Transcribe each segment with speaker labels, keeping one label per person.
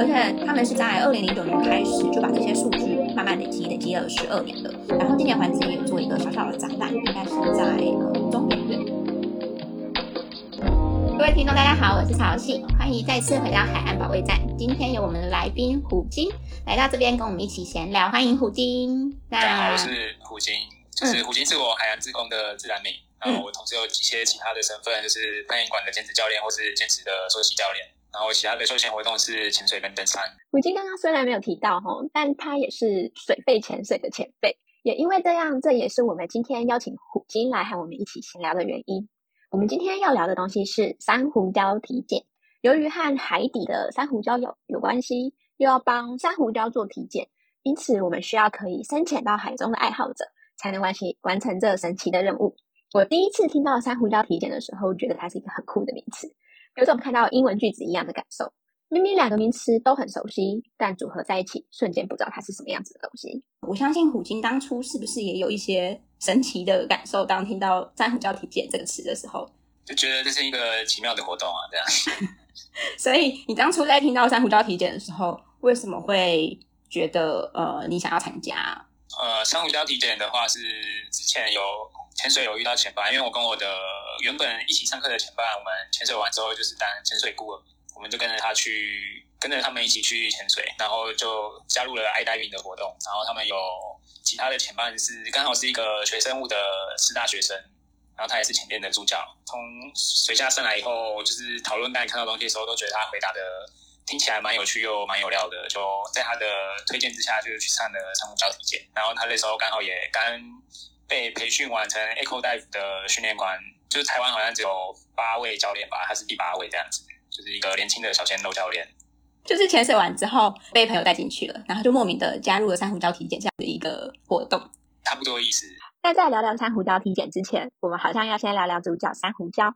Speaker 1: 而且他們是在二零零九年開始就把這些數據慢慢累積，累積了十二年了。然後今年環節也做一個小小的展覽，應該是在中年。數、嗯。各位聽眾，大家好，我是潮汐，歡迎再次回到海岸保衛站。今天由我們的來賓虎鯨來到這邊，跟我們一起閒聊。歡迎虎鯨。大家好，我
Speaker 2: 是虎鯨，嗯、就是虎鯨是我海洋志工的自然名，嗯、然後我同時有一些其他的身份，就是攀岩館的兼職教練，或是兼職的溯溪教練。然後其他的休閒活動是潛水跟登山。
Speaker 1: 虎鯨剛剛雖然沒有提到哈，但他也是水肺潛水的前輩，也因為這樣，這也是我們今天邀請虎鯨來和我們一起閒聊的原因。我們今天要聊的東西是珊瑚礁體檢。由於和海底的珊瑚礁有有關係，又要幫珊瑚礁做體檢，因此我們需要可以深潛到海中的愛好者才能完成完成這神奇的任務。我第一次聽到珊瑚礁體檢的時候，覺得它是一個很酷的名詞。有種看到英文句子一樣的感受，明明兩個名詞都很熟悉，但組合在一起，瞬間不知道它是什麼樣子的東西。我相信虎鯨當初是不是也有一些神奇的感受？當聽到珊瑚礁體檢這個詞的時候，
Speaker 2: 就覺得這是一個奇妙的活動啊，這樣、
Speaker 1: 啊。 所以你當初在聽到珊瑚礁體檢的時候，為什麼會覺得呃，你想要參加？
Speaker 2: 呃，珊瑚礁體檢的話是之前有潛水有遇到前輩，因為我跟我的原本一起上課的前輩，我們潛水完之後就是當潛水孤兒，我們就跟着他去，跟着他們一起去潛水，然後就加入了愛戴雲的活動。然後他們有其他的前輩是剛好是一個學生物的師大學生，然後他也是潛水的助教。從水下上來以後，就是討論大家看到東西的時候，都覺得他回答的。聽起來蠻有趣又蠻有料的，就在他的推薦之下，就是去上了珊瑚礁體檢。然後他那時候剛好也剛被培訓完成 EcoDiver 的訓練官，就是台灣好像只有八位教練吧，他是第八位這樣子，就是一個年輕的小鮮肉教練。
Speaker 1: 就是潛水完之後被朋友帶進去了，然後就莫名的加入了珊瑚礁體檢這樣的一個活動，
Speaker 2: 差不多意思。
Speaker 1: 那在聊聊珊瑚礁體檢之前，我們好像要先聊聊主角珊瑚礁。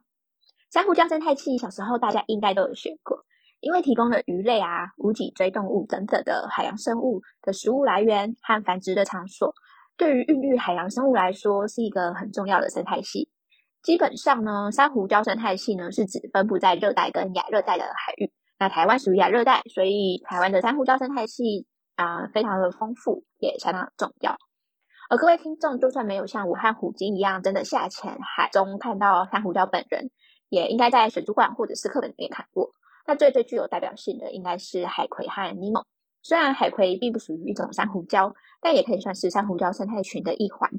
Speaker 1: 珊瑚礁生態系，小時候大家應該都有學過。因為提供了魚類啊、無脊椎動物等等的海洋生物的食物來源和繁殖的場所，對於孕育海洋生物來說是一個很重要的生態系。基本上呢，珊瑚礁生態系呢是指分布在熱帶跟亞熱帶的海域。那台灣屬於亞熱帶，所以台灣的珊瑚礁生態系啊，呃，非常的豐富，也相當重要。而各位聽眾就算沒有像武漢虎鯨一樣真的下潛海中看到珊瑚礁本人，也應該在水族館或者是課本裡面看過。那最最具有代表性的應該是海葵和尼莫。雖然海葵並不屬於一種珊瑚礁，但也可以算是珊瑚礁生態群的一環。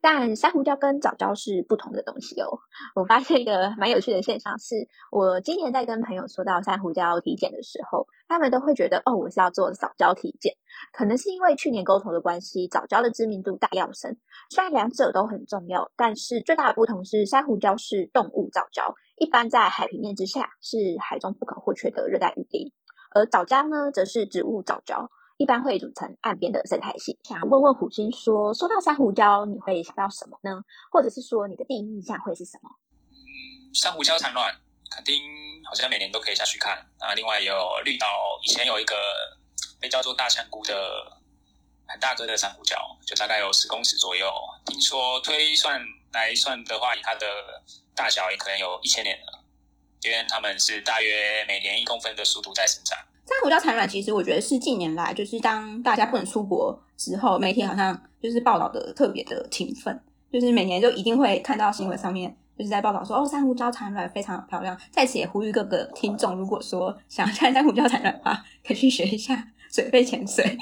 Speaker 1: 但珊瑚礁跟藻礁是不同的東西哦。我發現一個蠻有趣的現象是，是我今年在跟朋友說到珊瑚礁體檢的時候，他們都會覺得哦，我是要做藻礁體檢。可能是因為去年溝通的關係，藻礁的知名度大躍升。雖然兩者都很重要，但是最大的不同是珊瑚礁是動物藻礁，一般在海平面之下，是海中不可或缺的熱帶雨林，而藻礁呢，則是植物藻礁，一般會組成岸邊的生態系。想要問問虎星，說，說到珊瑚礁，你會想到什麼呢？或者是說你的第一印象會是什麼？嗯，
Speaker 2: 珊瑚礁產卵，肯定好像每年都可以下去看啊。另外也有綠島，以前有一個被叫做大香菇的很大個的珊瑚礁，就大概有十公尺左右。聽說推算。來算的話，以它的大小也可能有一千年了，因為它們是大約每年一公分的速度在生長。
Speaker 1: 珊瑚礁產卵，其實我覺得是近年來，就是當大家不能出國之後，媒體好像就是報道的特別的勤奮，嗯、就是每年就一定會看到新聞上面、嗯、就是在報道說，哦，珊瑚礁產卵非常漂亮。在此也呼籲各個聽眾，如果說想要參加珊瑚礁產卵的話，可以去學一下。水肺潛水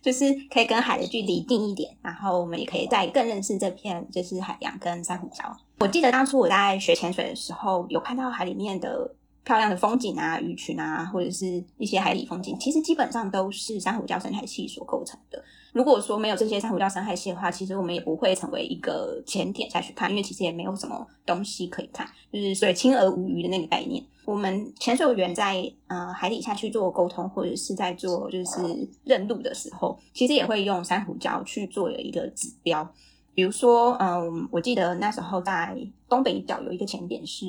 Speaker 1: 就是可以跟海的距離近一點，然後我們也可以再更認識這片就是海洋跟珊瑚礁。我記得當初我在學潛水的時候，有看到海裡面的漂亮的風景啊、魚群啊，或者是一些海底風景。其實基本上都是珊瑚礁、生態系所構成的。如果說沒有這些珊瑚礁、生態系的話，其實我們也不會成為一個潛點下去看，因為其實也沒有什麼東西可以看，就是所以清而無魚的那個概念。我們潛水員在呃海底下去做溝通，或者是在做就是認路的時候，其實也會用珊瑚礁去做一個指標。比如說，嗯，我記得那時候在東北角有一個潛點是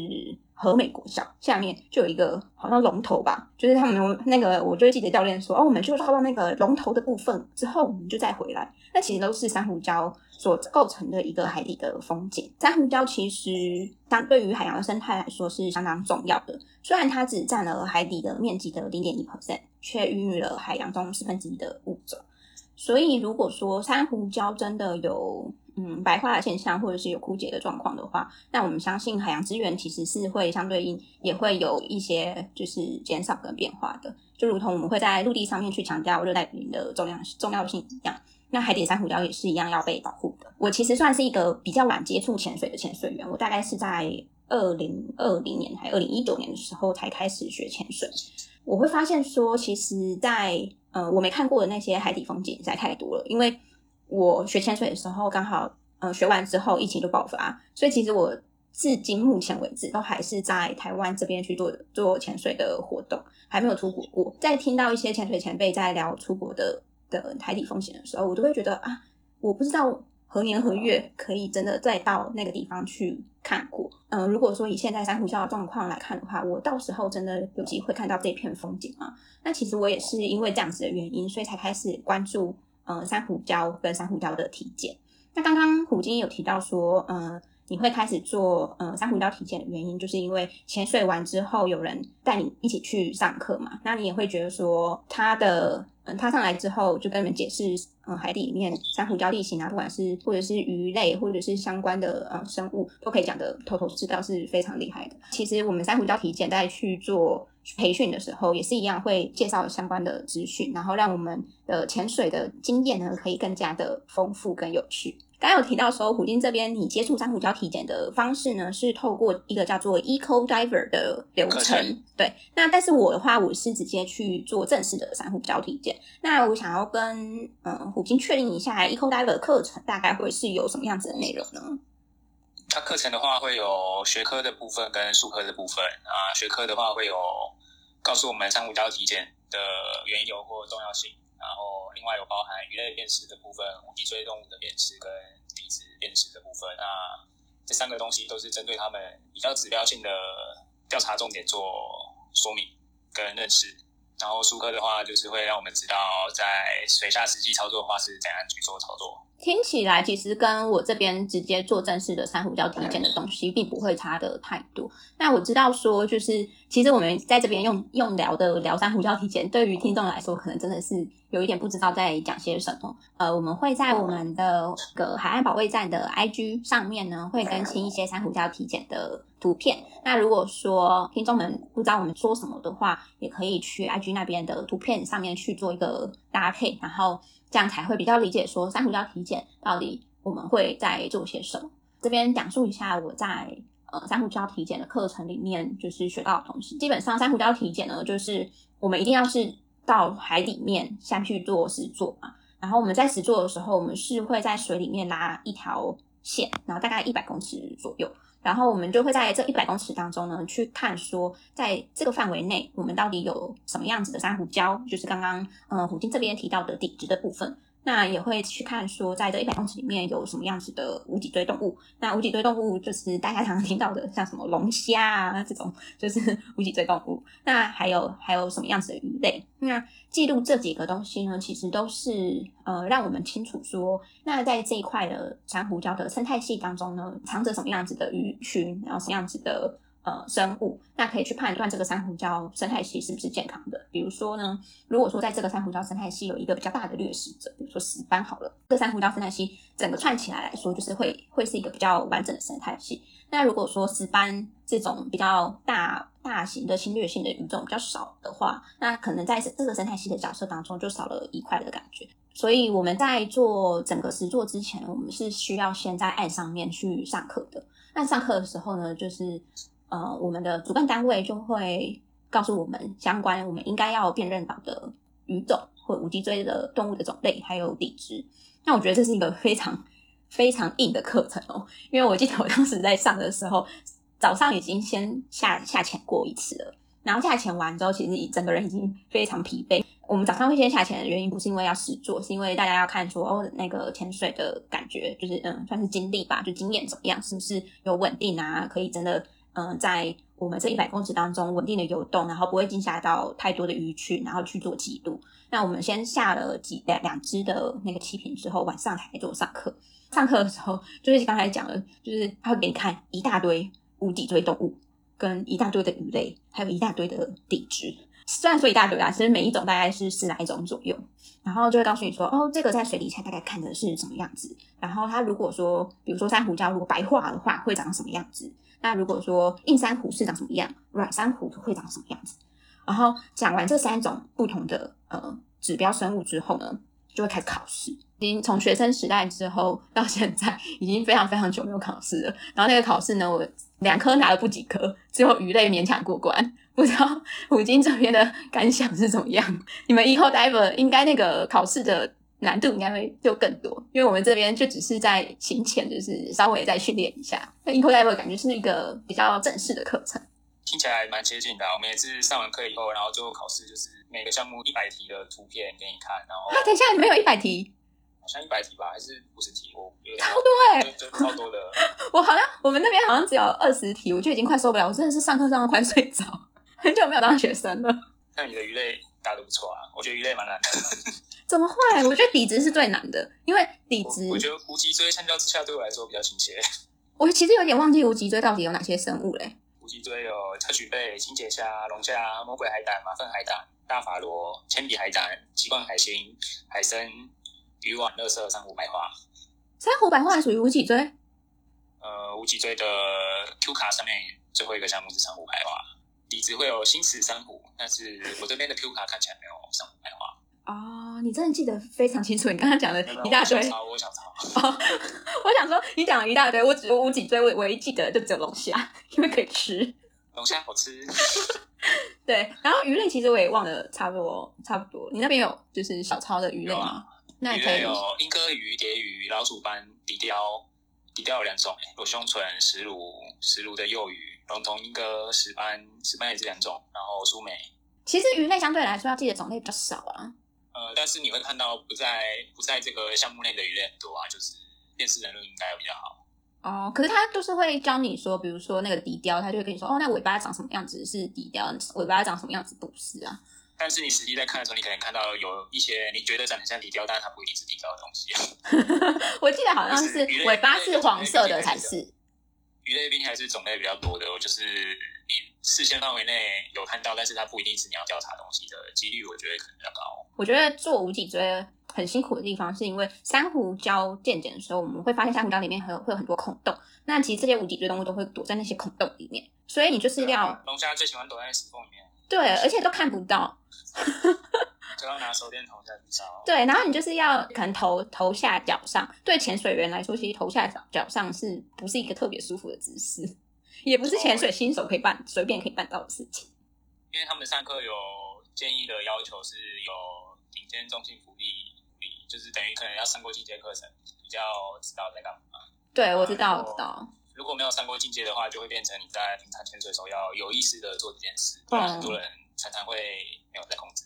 Speaker 1: 和美國校，下面就有一個好像龍頭吧，就是他們那個，我就會記得教練說，哦，我們就繞到那個龍頭的部分之後，我們就再回來。那其實都是珊瑚礁。所構成的一個海底的風景，珊瑚礁其實相對於海洋的生態來說是相當重要的。雖然它只佔了海底的面積的零點一 percent，卻孕育了海洋中四分之一的物種。所以，如果說珊瑚礁真的有嗯白化的現象，或者是有枯竭的狀況的話，那我們相信海洋資源其實是會相對應也會有一些就是減少跟變化的。就如同我們會在陸地上面去強調熱帶雨林的重量重要性一樣。那海底珊瑚礁也是一樣要被保護的。我其實算是一個比較晚接觸潛水的潛水員，我大概是在二零二零年還是二零一九年的時候才開始學潛水。我會發現說，其實在呃，我沒看過的那些海底風景實在太多了。因為我學潛水的時候剛好呃學完之後疫情就爆發，所以其實我至今目前為止都還是在台灣這邊去做做潛水的活動，還沒有出國過。在聽到一些潛水前輩在聊出國的。的海底風險的時候，我都會覺得啊，我不知道何年何月可以真的再到那個地方去看過。嗯、呃，如果說以現在珊瑚礁的狀況來看的話，我到時候真的有機會看到這片風景嗎？那其實我也是因為這樣子的原因，所以才開始關注嗯、呃、珊瑚礁跟珊瑚礁的體檢。那剛剛虎鯨有提到說，嗯、呃。你會開始做，呃珊瑚礁體檢的原因，就是因為潛水完之後有人帶你一起去上課嘛，那你也會覺得說，他的，嗯，他上來之後就跟你們解釋，嗯、呃，海底裡面珊瑚礁地形啊，不管是或者是魚類或者是相關的呃生物，都可以講得頭頭是道，是非常厲害的。其實我們珊瑚礁體檢在去做培訓的時候，也是一樣會介紹相關的資訊，然後讓我們的潛水的經驗呢可以更加的豐富、跟有趣。剛有提到的時候，虎鯨這邊你接觸珊瑚礁體檢的方式呢，是透過一個叫做 Eco Diver 的流程。課程。對，那但是我的話，我是直接去做正式的珊瑚礁體檢。那我想要跟、呃、虎鯨確定一下，Eco Diver 課程大概會是有什麼樣子的內容呢？
Speaker 2: 它課程的話，會有學科的部分跟術科的部分啊。學科的話，會有告訴我們珊瑚礁體檢的緣由或重要性，然後。另外有包含魚類辨識的部分、無脊椎動物的辨識跟底質辨識的部分啊，那這三個東西都是針對他們比較指標性的調查重點做說明跟認識。然後術科的話，就是會讓我們知道在水下實際操作的話是怎樣去做操作。
Speaker 1: 聽起來其實跟我這邊直接做正式的珊瑚礁體檢的東西並不會差的太多。那我知道說就是。其實我們在這邊用用聊的聊珊瑚礁體檢，對於聽眾來說，可能真的是有一點不知道在講些什麼。呃，我們會在我們的這個海岸保衛站的 IG 上面呢，會更新一些珊瑚礁體檢的圖片。那如果說聽眾們不知道我們說什麼的話，也可以去 IG 那邊的圖片上面去做一個搭配，然後這樣才會比較理解說珊瑚礁體檢到底我們會在做些什麼。這邊講述一下我在。呃，珊瑚礁體檢的課程裡面就是學到的東西。基本上，珊瑚礁體檢呢，就是我們一定要是到海裡面先去做實作嘛。然後我們在實作的時候，我們是會在水裡面拉一條線，然後大概一百公尺左右。然後我們就會在這一百公尺當中呢，去看說在這個範圍內我們到底有什麼樣子的珊瑚礁，就是剛剛嗯虎鯨這邊提到的底質的部分。那也會去看說，在這一百公尺裡面有什麼樣子的無脊椎動物。那無脊椎動物就是大家常常聽到的，像什麼龍蝦啊這種，就是無脊椎動物。那還有還有什麼樣子的魚類？那記錄這幾個東西呢，其實都是呃，讓我們清楚說，那在這一塊的珊瑚礁的生態系當中呢，藏着什麼樣子的魚群，然後什麼樣子的。呃，生物，那可以去判斷這個珊瑚礁生態系是不是健康的。比如說呢，如果說在這個珊瑚礁生態系有一個比較大的掠食者，比如說石斑，好了，這個珊瑚礁生態系整個串起來來說，就是會會是一個比較完整的生態系。那如果說石斑這種比較大大型的侵略性的魚種比較少的話，那可能在這個生態系的角色當中就少了一塊的感覺。所以我們在做整個實作之前，我們是需要先在岸上面去上課的。那上課的時候呢，就是。呃，我們的主辦單位就會告訴我們相關我們應該要辨認到的魚種或無脊椎的動物的種類，還有底質。那我覺得這是一個非常非常硬的課程哦，因為我記得我當時在上的時候，早上已經先下下潛過一次了，然後下潛完之後，其實整個人已經非常疲憊。我們早上會先下潛的原因，不是因為要試做，是因為大家要看說哦，那個潛水的感覺，就是嗯，算是經歷吧，就經驗怎麼樣，是不是有穩定啊，可以真的。嗯，在我們這一百公尺當中穩定的游動，然後不會驚嚇到太多的魚群，然後去做記錄。那我們先下了幾兩兩隻的那個氣瓶之後，晚上才來做上課。上課的時候，就是剛才講的，就是他會給你看一大堆無脊椎動物，跟一大堆的魚類，還有一大堆的底質。雖然說一大堆啦，其實每一種大概是十來種左右。然後就會告訴你說，哦，這個在水底下大概看的是什麼樣子。然後他如果說，比如說珊瑚礁如果白化的話，會長成什麼樣子？那如果說硬珊瑚是長什麼樣，軟珊瑚會長什麼樣子？然後講完這三種不同的呃指標生物之後呢，就會開始考試。已經從學生時代之後到現在，已經非常非常久沒有考試了。然後那個考試呢，我兩科拿了不及格，最後魚類勉強過關。不知道虎鯨這邊的感想是怎麼樣？你們 eco diver 應該那個考試的。難度應該會就更多，因為我們這邊就只是在行前，就是稍微再訓練一下。那 EcoDiver 感覺是一個比較正式的課程，
Speaker 2: 聽起來還蠻接近的。啊。我們也是上完課以後，然後就考試，就是每個項目一百題的圖片給你看。然後，它、啊、等一下有沒有一百題？嗯？好像一百題吧，還是五十題？
Speaker 1: 我超多哎、欸，超多的。 我好像我們那邊好像只有二十題，我就已經快受不了，我真的是上課上到快睡着，很 久沒有當學生了。
Speaker 2: 那你的魚類打得不錯啊，我覺得魚類蠻難，難的。
Speaker 1: 怎麼會？我覺得底質是最難的，因為底質，我覺
Speaker 2: 得無脊椎相較之下，對我來說比較親切。
Speaker 1: 我其實有點忘記無脊椎到底有哪些生
Speaker 2: 物嘞。無脊椎有硨磲貝、清潔蝦、龍蝦、魔鬼海膽、馬糞海膽、大法螺、鉛筆海膽、棘冠海星、海參、魚網、垃圾、珊瑚白化。
Speaker 1: 珊瑚白化屬於無脊椎？
Speaker 2: 呃，無脊椎的 Q 卡上面最後一個項目是珊瑚白化，底質會有新死珊瑚，但是我這邊的 Q 卡看起來沒有上。
Speaker 1: 哦，你真的記得非常清楚。你剛剛講了一大堆，沒有沒有，我
Speaker 2: 想
Speaker 1: 我、哦、我想說，你講了一大堆，我只我脊椎我我唯一記得就只有龍蝦，因為可以吃。
Speaker 2: 龍蝦好吃。
Speaker 1: 對，然後魚類其實我也忘了差不多差不多。你那邊有就是小抄的魚類嗎？啊、魚類有
Speaker 2: 鸚哥魚、蝶魚、老鼠斑、笛鯛，笛鯛有兩種，有胸唇、石鱸、石鱸的幼魚、龍頭、鸚哥、石斑，石斑也是兩種。然後蘇眉，
Speaker 1: 其實魚類相對來說要記得種類比較少啊。
Speaker 2: 呃，但是你會看到不在不在這個項目內的魚類很多啊，就是電視人容應該比較好
Speaker 1: 哦。可是他都是會教你說，比如說那個笛鯛，他就會跟你說，哦，那尾巴長什麼樣子是笛鯛，尾巴長什麼樣子不是啊。
Speaker 2: 但是你實際在看的時候，你可能看到有一些你覺得長得像笛鯛，但是它不一定是笛鯛的東西、啊。
Speaker 1: 我記得好像是尾巴是黃色的，才是？
Speaker 2: 魚類並還是種類比較多的，就是你視線範圍內有看到，但是它不一定是你要調查東西的幾率我覺得可能比較高、
Speaker 1: 哦。我覺得做無脊椎很辛苦的地方，是因為珊瑚礁體檢的時候，我們會發現珊瑚礁裡面很會有很多孔洞，那其實這些無脊椎動物都會躲在那些孔洞裡面，所以你就是要
Speaker 2: 龍蝦最喜歡躲在
Speaker 1: 石縫裡面，對，而且都看不到。 就要拿手電筒去照。對，然後你就是要可能頭頭下腳上。對潛水員來說，其實頭下腳腳上是不是一個特別舒服的姿勢？也不是潛水新手可以辦，隨便可以辦到的事情。
Speaker 2: 因為他們上課有建議的要求是有頂尖中性浮力，就是等於可能要上過進階課程，比較知道在幹嘛。
Speaker 1: 對，我知道，我知道。
Speaker 2: 如果沒有上過進階的話，就會變成你在平常潛水的時候要有意識的做這件事。嗯、然後很多人常常會沒有在控制。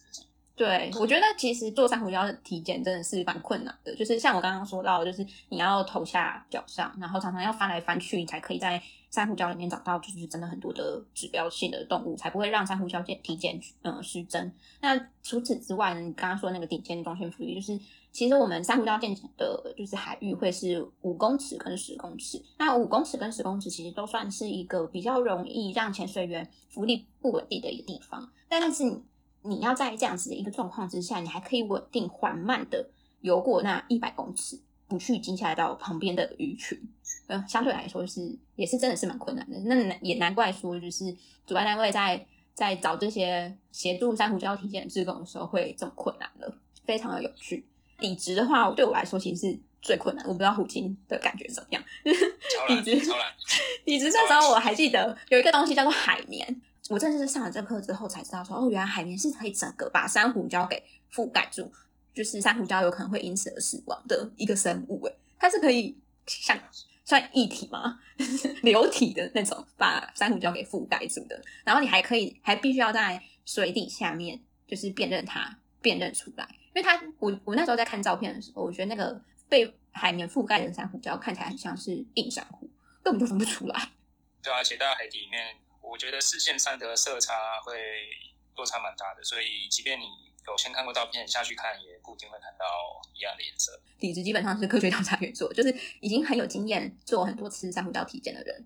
Speaker 1: 對，我覺得其實做珊瑚礁體檢真的是蠻困難的，就是像我剛剛說到的，就是你要頭下腳上，然後常常要翻來翻去，你才可以在珊瑚礁裡面找到，就是真的很多的指標性的動物，才不會讓珊瑚礁體檢，呃，失真。那除此之外呢，你剛剛說的那個頂尖的中性浮力，就是其實我們珊瑚礁健檢的，就是海域會是五公尺跟十公尺，那五公尺跟十公尺其實都算是一個比較容易讓潛水員浮力不穩定的一個地方，但但是你。你要在這樣子的一個狀況之下，你還可以穩定緩慢的游過那一百公尺，不去驚嚇到旁邊的魚群，呃，相對來說，就是也是真的是蠻困難的。那也難怪說，就是主辦單位在在找這些協助珊瑚礁體檢志工的時候會這麼困難了。非常的有趣，筆直的話對我來說其實是最困難。我不知道虎鯨的感覺是怎麼樣，啦筆直植，筆直那時候我還記得有一個東西叫做海綿。我真的是上了這課之後才知道說，說哦，原來海綿是可以整個把珊瑚礁給覆蓋住，就是珊瑚礁有可能會因此而死亡的一個生物。哎，它是可以像算液體嗎？ 流體的那種把珊瑚礁給覆蓋住的。然後你還可以，還必須要在水底下面就是辨認它，辨認出來，因為它我我那時候在看照片的時候，我覺得那個被海綿覆蓋的珊瑚礁看起來很像是硬珊瑚，根本就分不出來。
Speaker 2: 對啊，而且到海底裡面。我覺得視線上的色差會落差蠻大的，所以即便你有先看過照片下去看，也不一定會看到一樣的顏色。底
Speaker 1: 質基本上是科學調查員做，就是已經很有經驗，做很多次珊瑚礁體檢的人。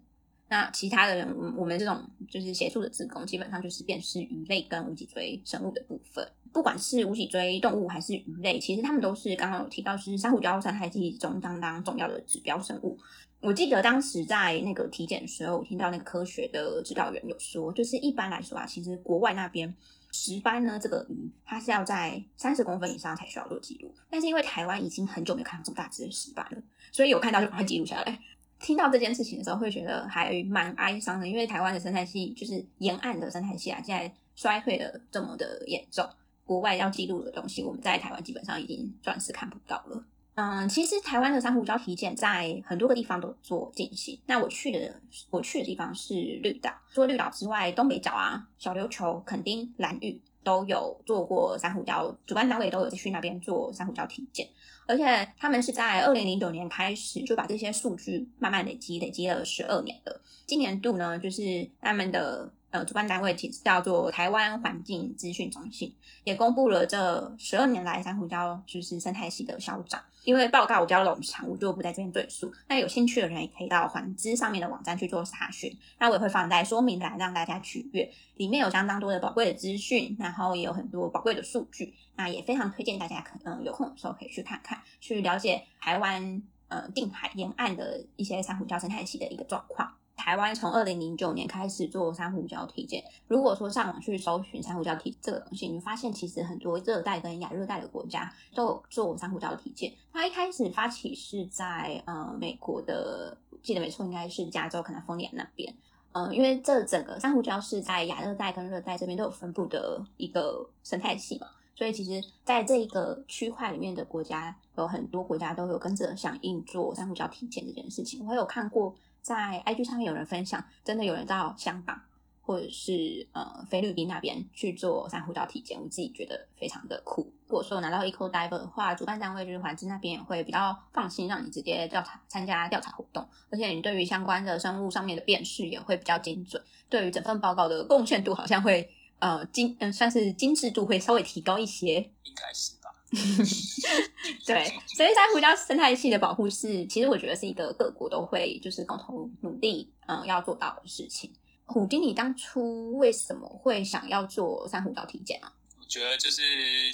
Speaker 1: 那其他的人，我們這種就是協助的志工，基本上就是辨識魚類跟無脊椎生物的部分。不管是無脊椎動物還是魚類，其實他們都是剛剛有提到是珊瑚礁生態系中相當,當重要的指標生物。我記得當時在那個體檢的時候，我聽到那個科學的指導員有說，就是一般來說啊，其實國外那邊石斑呢，這個、魚，它是要在三十公分以上才需要做記錄。但是因為台灣已經很久沒有看到這麼大隻的石斑了，所以有看到就趕快記錄下來。聽到這件事情的時候，會覺得還蠻哀傷的，因為台灣的生態系就是沿岸的生態系啊，現在衰退的這麼的嚴重，國外要記錄的東西，我們在台灣基本上已經算是看不到了。嗯，其實台灣的珊瑚礁體檢在很多個地方都做進行。那我去的我去的地方是綠島，除了綠島之外，東北角啊、小琉球、墾丁、蘭嶼都有做過珊瑚礁。主辦單位都有去那邊做珊瑚礁體檢，而且他們是在二零零九年開始就把這些數據慢慢累積，累積了十二年了。今年度呢，就是他們的。呃，主辦單位其實叫做台灣環境資訊中心，也公布了這十二年來珊瑚礁就是生態系的消長。因為報告比較冗長，我就不在這邊贅述。那有興趣的人也可以到環資上面的網站去做查詢。那我也會放在說明欄，讓大家取閱，裡面有相當多的寶貴的資訊，然後也有很多寶貴的數據。那也非常推薦大家可，嗯，有空的時候可以去看看，去了解台灣呃，近海沿岸的一些珊瑚礁生態系的一個狀況。台灣從二零零九年開始做珊瑚礁體檢。如果說上網去搜尋珊瑚礁體檢這個東西，你會發現其實很多熱帶跟亞熱帶的國家都有做珊瑚礁體檢。它一開始發起是在呃、嗯、美國的，記得沒錯應該是加州可能風連那邊。嗯，因為這整個珊瑚礁是在亞熱帶跟熱帶這邊都有分布的一個生態系嘛，所以其實在這一個區塊裡面的國家有很多國家都有跟着響應做珊瑚礁體檢這件事情。我有看過。在 IG 上面有人分享，真的有人到香港或者是呃菲律賓那邊去做珊瑚礁體檢，我自己覺得非常的酷。如果說拿到 Eco Diver 的話，主辦單位就是環境那邊也會比較放心，讓你直接調查參加調查活動，而且你對於相關的生物上面的辨識也會比較精準，對於整份報告的貢獻度好像會呃精嗯、呃、算是精緻度會稍微提高一些，應該是。 對，所以在珊瑚礁生態系的保護是，其實我覺得是一個各國都會就是共同努力，嗯，要做到的事情。虎丁，你當初為什麼會想要做珊瑚礁體檢啊？
Speaker 2: 我覺得就是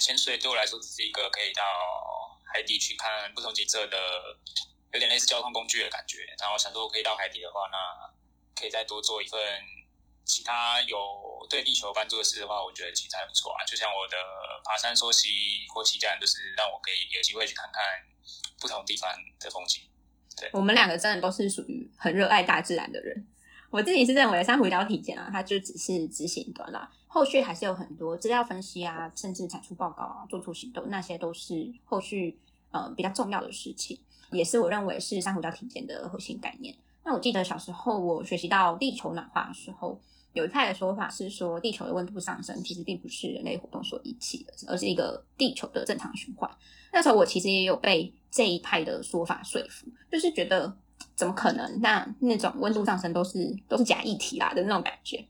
Speaker 2: 潛水對我來說只是一個可以到海底去看不同景色的，有點類似交通工具的感覺。然後想說，可以到海底的話，那可以再多做一份其他有。對地球辦做的事的話，我覺得其實還不錯啊。就像我的爬山、溯溪或騎車，就是讓我可以有機會去看看不同地方的風景。對，
Speaker 1: 我們兩個真的都是屬於很熱愛大自然的人。我自己是認為珊瑚礁體檢啊，它就只是執行端啦，後續還是有很多資料分析啊，甚至產出報告啊，做出行動，那些都是後續呃比較重要的事情，也是我認為是珊瑚礁體檢的核心概念。那我記得小時候我學習到地球暖化的時候，有一派的說法是說，地球的溫度上升其實並不是人類活動所引起的，而是一個地球的正常的循環。那時候我其實也有被這一派的說法說服，就是覺得怎麼可能？那那種溫度上升都是都是假議題啦的那種感覺。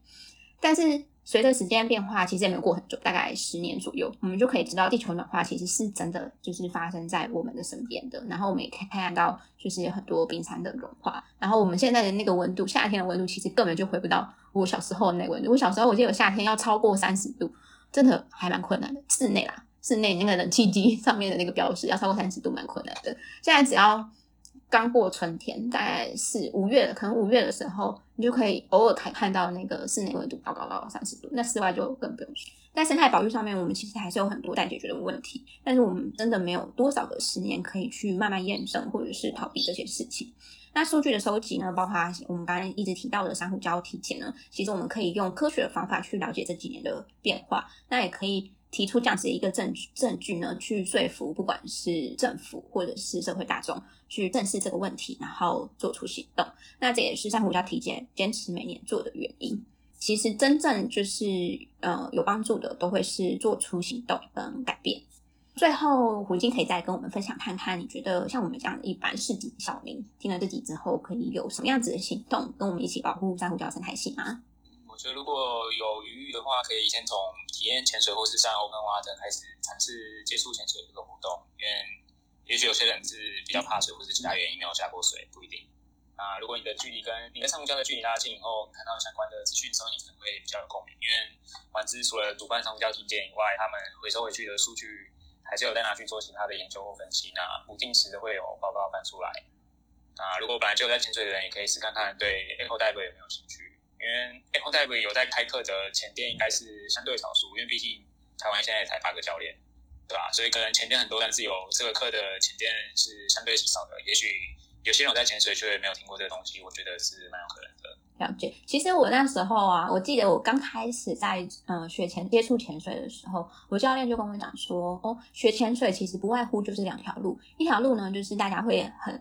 Speaker 1: 但是。隨着時間變化，其實也沒有過很久，大概十年左右，我們就可以知道地球暖化其實是真的，就是發生在我們的身邊的。然後我們也可以看到，就是有很多冰山的融化。然後我們現在的那個溫度，夏天的溫度其實根本就回不到我小時候的那溫度。我小時候我記得夏天要超過三十度，真的還蠻困難的。室內啦，室內那個冷氣機上面的那個標識要超過三十度，蠻困難的。現在只要。剛過春天，大概是五月，可能五月的時候，你就可以偶爾看到那個室內溫度高高高三十度，那室外就更不用說。在生態保育上面，我們其實還是有很多待解決的問題，但是我們真的沒有多少個十年可以去慢慢驗證或者是逃避這些事情。那數據的收集呢，包括我們剛才一直提到的珊瑚礁體檢呢，其實我們可以用科學的方法去了解這幾年的變化，那也可以。提出這樣子的一個證據，證據呢，去說服不管是政府或者是社會大眾，去正視這個問題，然後做出行動。那這也是珊瑚礁體檢堅持每年做的原因。其實真正就是呃有幫助的，都會是做出行動跟改變。最後，胡金可以再跟我們分享，看看你覺得像我們這樣的一般市井小民，聽了這集之後，可以有什麼樣子的行動，跟我們一起保護珊瑚礁生態係
Speaker 2: 嗎？所以如果有餘裕的話，可以先從體驗潛水或是上歐跟蛙等開始嘗試接觸潛水這個活動。因為也許有些人是比較怕水，或是其他原因沒有下過水，不一定。啊，如果你的距離跟你跟珊瑚礁的距離拉近以後，你看到相關的資訊之後，你可能會比較有共鳴。因為船隻除了主辦珊瑚礁巡檢以外，他們回收回去的數據還是有再拿去做其他的研究或分析。那不定時的會有報告翻出來。啊，如果本來就有在潛水的人，也可以試看看對背 c o d i 有沒有興趣。因為 a i r t a b 有在開課的前店，應該是相對少數，因為畢竟台灣現在才八個教練，對吧？所以可能前店很多，但是有這個課的前店是相對少的。也許有些人有在潛水，卻沒有聽過這個東西，我覺得是蠻有可能的。
Speaker 1: 了解。其實我那時候啊，我記得我剛開始在嗯學潛接觸潛水的時候，我教練就跟我講說，哦，學潛水其實不外乎就是兩條路，一條路呢，就是大家會很。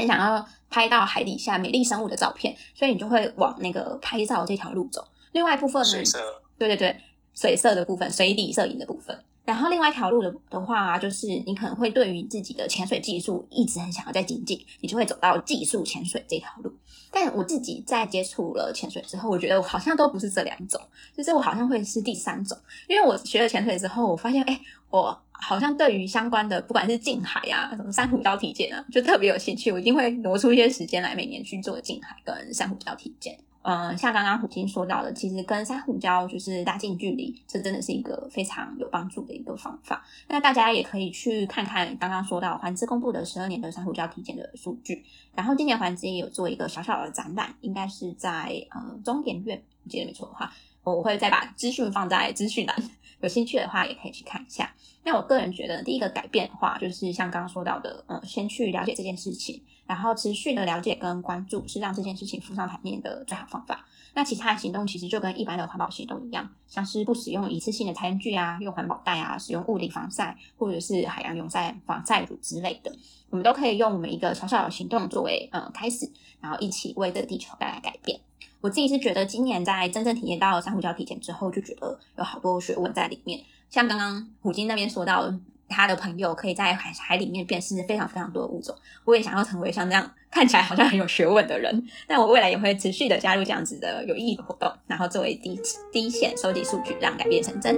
Speaker 1: 很想要拍到海底下美麗生物的照片，所以你就會往那個拍照這條路走。另外一部分呢，水色。對對對，水色的部分，水底攝影的部分。然後另外一條路的的話，就是你可能會對於自己的潛水技術一直很想要再精進，你就會走到技術潛水這條路。但我自己在接觸了潛水之後，我覺得我好像都不是這兩種，就是我好像會是第三種，因為我學了潛水之後，我發現，誒，我。好像對於相關的，不管是近海啊，什麼珊瑚礁體檢啊，就特別有興趣。我一定會挪出一些時間來，每年去做近海跟珊瑚礁體檢。嗯，像剛剛虎鯨說到的，其實跟珊瑚礁就是拉近距離，這真的是一個非常有幫助的一個方法。那大家也可以去看看剛剛說到環資公布的十二年的珊瑚礁體檢的數據。然後今年環資也有做一個小小的展覽，應該是在呃、嗯、中研院，我記得沒錯的話，我會再把資訊放在資訊欄。有興趣的話，也可以去看一下。那我個人覺得，第一個改變的話，就是像剛剛說到的，呃、嗯，先去了解這件事情，然後持續的了解跟關注，是讓這件事情浮上台面的最好方法。那其他的行動其實就跟一般的環保行動一樣，像是不使用一次性的餐具啊，用環保袋啊，使用物理防曬或者是海洋友善防曬乳之類的，我們都可以用我們一個小小的行動作為呃、嗯、開始，然後一起為這個地球帶來改變。我自己是覺得，今年在真正體驗到了珊瑚礁體檢之後，就覺得有好多學問在裡面。像剛剛虎鯨那邊說到，他的朋友可以在海海裡面辨識非常非常多的物種。我也想要成為像這樣看起來好像很有學問的人。但我未來也會持續的加入這樣子的有意義的活動，然後作為第一第一線收集數據，讓改變成真。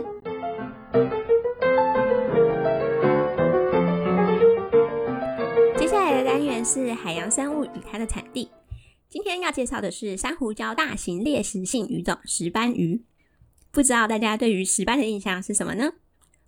Speaker 1: 接下來的單元是海洋生物與它的產地。今天要介紹的是珊瑚礁大型獵食性魚種石斑魚。不知道大家對於石斑的印象是什麼呢？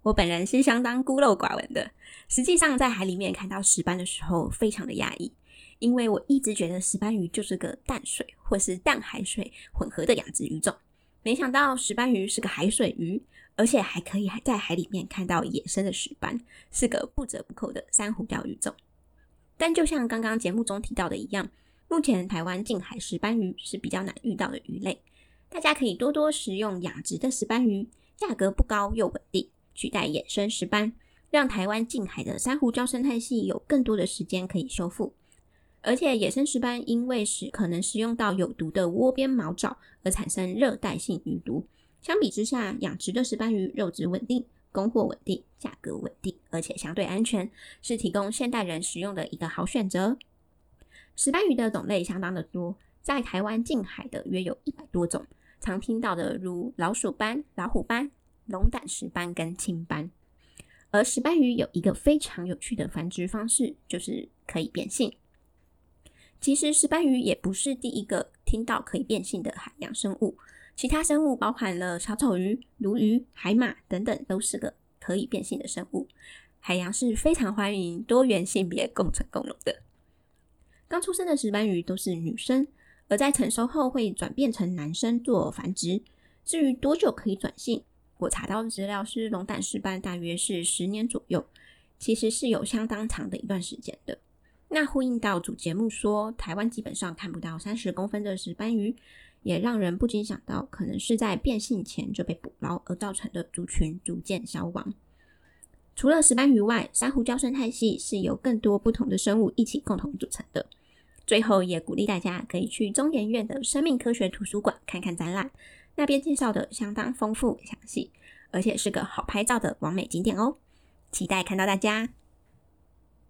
Speaker 1: 我本人是相當孤陋寡聞的。實際上，在海裡面看到石斑的時候，非常的壓抑，因為我一直覺得石斑魚就是個淡水或是淡海水混合的養殖魚種。沒想到石斑魚是個海水魚，而且還可以在海裡面看到野生的石斑，是個不折不扣的珊瑚礁魚種。但就像剛剛節目中提到的一樣。目前台灣近海石斑魚是比較難遇到的魚類，大家可以多多食用養殖的石斑魚，價格不高又穩定，取代野生石斑，讓台灣近海的珊瑚礁生態系有更多的時間可以修復。而且野生石斑因為使可能食用到有毒的渦鞭毛藻而產生熱帶性魚毒，相比之下，養殖的石斑魚肉質穩定，供貨穩定，價格穩定，而且相對安全，是提供現代人食用的一個好選擇。石斑魚的種類相當的多，在台灣近海的約有一百多種，常聽到的如老鼠斑、老虎斑、龍膽石斑跟青斑。而石斑魚有一個非常有趣的繁殖方式，就是可以變性。其實石斑魚也不是第一個聽到可以變性的海洋生物，其他生物包含了小丑魚、鱸魚、海馬等等，都是個可以變性的生物。海洋是非常歡迎多元性別共存共榮的。剛出生的石斑魚都是女生，而在成熟後會轉變成男生做繁殖。至於多久可以轉性，我查到的資料是龍膽石斑大約是十年左右，其實是有相當長的一段時間的。那呼應到主節目說，台灣基本上看不到三十公分的石斑魚，也讓人不禁想到，可能是在變性前就被捕撈而造成的族群逐漸消亡。除了石斑魚外，珊瑚礁生態系是由更多不同的生物一起共同組成的。最後也鼓勵大家可以去中研院的生命科學圖書館看看展覽，那邊介紹的相當豐富詳細，而且是個好拍照的完美景點哦，期待看到大家。